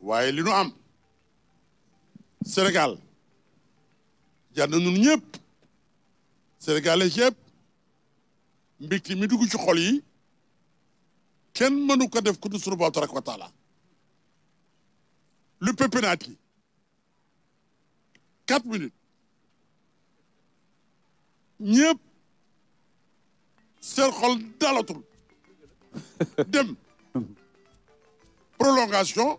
waaye li nu am Sénégal jar na ñun ñëpp sénégalais yëpp mbégte mi dugg ci xol yi kenn mënu ko def ku du sunu Boroom wa taala le pépénate yi quatre minutes ñëpp seen xol dalatul dem prolongation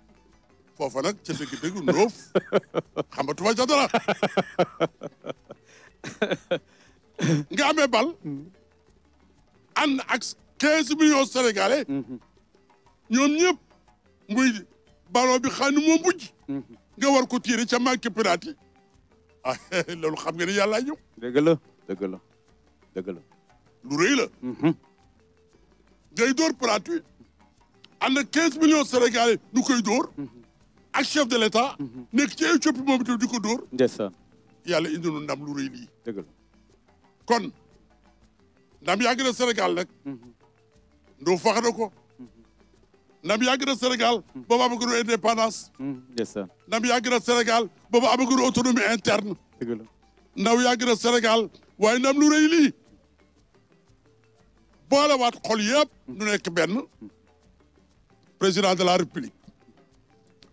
foofa nag ca dëgg-dëgg ndóof xamatuma ca dara nga amee bal ànd ak quinze millions sénégalais ñoom ñëpp muy ballon bi xam ne nga war ko tiire ca manqué penalty ah loolu xam nga ne yàllaa ñëw dëgg la dëgg lu rëy la mhm. ngay dóor penalty ànd ak quinze millions sénégalais nu koy dóor mhm. ak chef de l' mhm. nekk ci ay moom itam di ko dóor. ndeysaan. yàlla indi nu ndam lu rëy lii. kon ndam yàgg na Sénégal nag. Mhm. ndoo fax na ko. Mhm. ndam yàgg na Sénégal. boobu amaguñu indépendance. ndeysaan. ndam yàgg na autonomie interne. dëgg la ndaw yàgg na Sénégal waaye ndam lu rëy lii. boolewaat xol yëpp. nu nekk benn président de la république.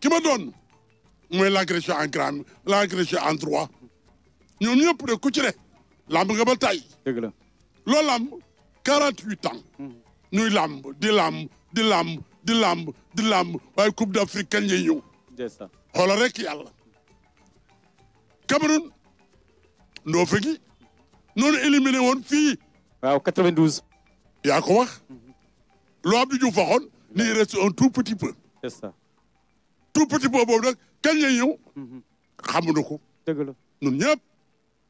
Qui ma donne l'agression en crime l'agression en droit Nous ñëpp hmm. de ku ci ne làmb nga ba tàyyi. 48 ans. ñuy des di des di des di des di làmb la Coupe d'Afrique C'est ça. C'est ça. rek ça. Cameroun ndoo fegi non éliminé une fille. waaw 92. Et à quoi? L'âme Abdou du waxoon ni il reste un tout petit peu. c'est ça tout petit peu boobu nous, lay ko. nous ñun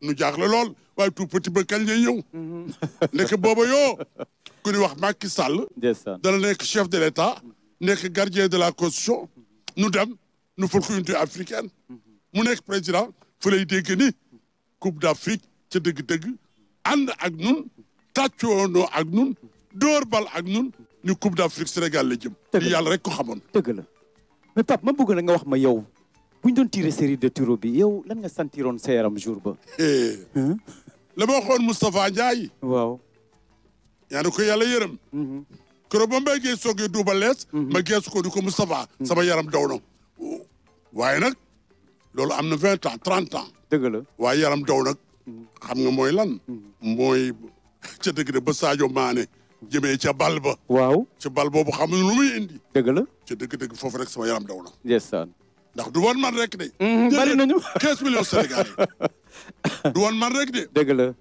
ñu lool way tout petit peu lay mm-hmm. nek yo ku nous wax Macky Sall. la chef de l'État, nek gardien de la constitution. Nous, dem nous africaine. Mm-hmm. mu nek président fu ni coupe d'Afrique, ci deug deug and ak ak coupe d'Afrique Sénégal jëm. rek mais Pape ma bëgg na nga wax ma yow bu ñu doon tiré série de tiro bi yow lan nga santiroon sa yaram jour ba. Eh, la ma waxoon Moustapha Ndiaye. waaw. yaa ngi ko yàlla yërëm. Mhm. keroog ba mbay gee soogee duuba lees. Mhm. ma geesu ko di ko Moustapha. Mhm. sama yaram daw na. waaye nag loolu am na vingt ans trente ans. dëgg la waaye yaram daw nag. xam nga mooy lan. mooy ca dëgg de ba Sadio Mané. jëmee ca bal ba. waaw ca bal boobu xamuñu lu muy indi. dëgg la ca dëgg-dëgg foofu rek sama yaram daw na. ndeysaan. dax du woon man rek de. Mhm, bari nañu 15 millions du woon man rek de. dëgg la.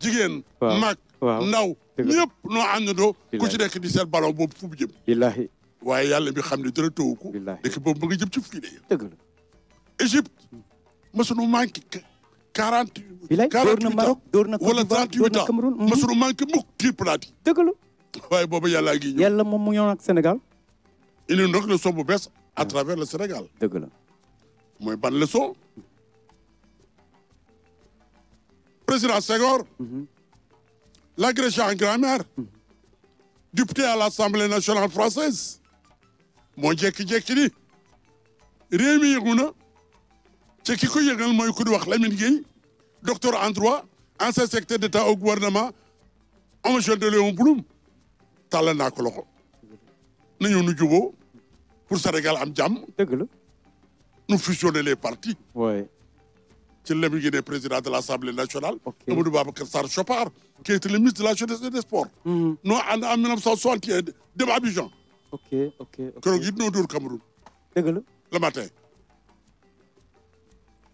jigéen. waaw mag ndaw. ñëpp noo àndandoo. ku ci nekk di seet ballon boobu fu mu jëm. waaye yàlla bi xam ne dara toowu ko. billaahi dëkk boobu ba nga jëm ci fii de. dëgg la Égypte. quarante. door na Maroc door na Côte d'Ivoire door na Cameroun wala mhm. waaye boobu yàlla ngi ñëw yàlla moom mu ñëw ak Sénégal. indi nag leçon bu bees a ah. travers le Sénégal. dëgg la. mooy ban leçon. président Senghor. Mhm. l'agression en grammaire. Mhm. député à l'Assemblée nationale française. moo jékki-jékki ni réew mi C'est qui ko yëgal mooy ku wax Lamine Gueye docteur en droit ancien secrétaire d'État au gouvernement en de Léon Blum tàllal naa ko loxo nañu Nous, avons pour Sénégal am jàmm. dëgg la nous fusionner les partis. oui. ci Lamine Gueye le président de l'Assemblée nationale. ok Amadou Babacar Chopard. qui était le ministre de la jeunesse et des sports. Mhm. noo ànd en 1961 dem Abidjan. ok ok ok keroog it dit dóor Cameroun. le matin.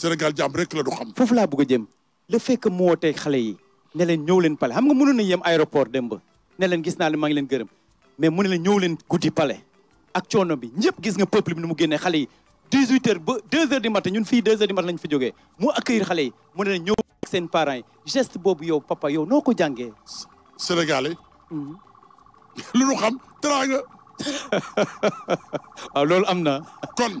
Sénégal jàmm rek la xam. foofu laa bëgg a jëm le fait que mu wootee xale yi ne leen ñëw leen pale xam nga mënu na yem aéroport dem ba ne leen gis naa ne maa leen gërëm mais mu ne leen ñëw leen guddi pale ak coono bi ñëpp gis nga peuple bi ni mu génnee xale yi 18 heures ba 2 heures du matin ñun fii 2 heures du matin lañ fi jógee mu accueillir xale yi mu ne leen ñëw ak seen parents yi geste boobu yow papa yow noo ko jàngee. Sénégalais. Mm-hmm. lu xam teraanga. waaw loolu am na. kon.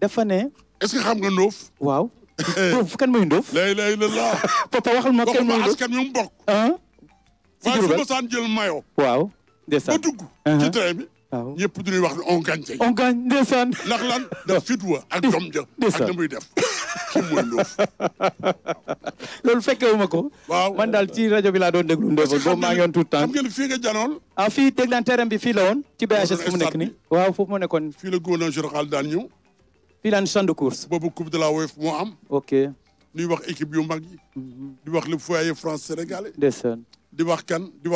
dafa ne. est-ce que xam nga Ndoof. waaw. Ndoof kan mooy Ndoof. lay lay la la. papa waxal ma kenn mooy Ndoof mu bokk. Ah? si Diourbel waaye su ma saan mayo. waaw ndeysaan. ba dugg ci uh-huh. train bi. waaw ñëpp dañuy wax ne on gagne on gagne ndeysaan. ndax lan daf fit wa a jom ja. ak na muy def. kii mooy Ndoof. loolu fekke ko. man daal ci rajo bi laa doon déglu Ndoof boobu maa ngi woon tout le temps. xam nga janoon. ah fii dégg naa bi fii la woon. ci BHS fu mu nekk nii. waaw foofu mu nekkoon. fii la gouverneur général daan ñëw. a une champ de course. une coupe de la OEF, am. ok équipe mhm. le foyer français sénégalais. ndeysaan di wax kan di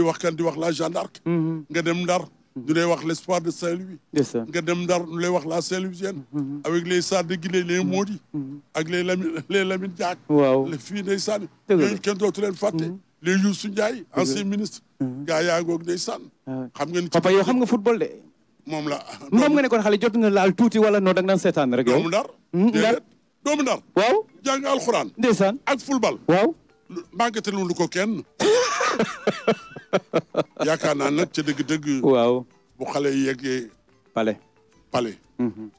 wax mhm. la gendarme, mhm. nga dem de Saint-Louis. nga dem la saint avec les de Guinée les Maudits, ak les les de la les Youssou ancien ministre. les filles papa xam football moom la. moom nga ne kon xale jot nga laal tuuti wala non danga daan seetaan rek yow. doomu ndar. Hmm, ndar doomu ndar. waaw jàng alxuraan. ndeysaan ak football. waaw. màggate lu ko kenn. yaakaar naa nag ca dëgg-dëgg. waaw bu xale yi yeggee. palais palais. Mhm.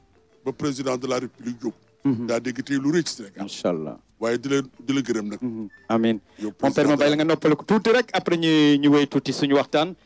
ba président de la république jóg. Mhm. daa dégg tey lu rëy ci Sénégal. incha allah waaye di la di la gërëm nag. Mhm. amiin mon père ma bàyyi la nga noppale ko tuuti rek après ñu ñu wéy tuuti suñu waxtaan.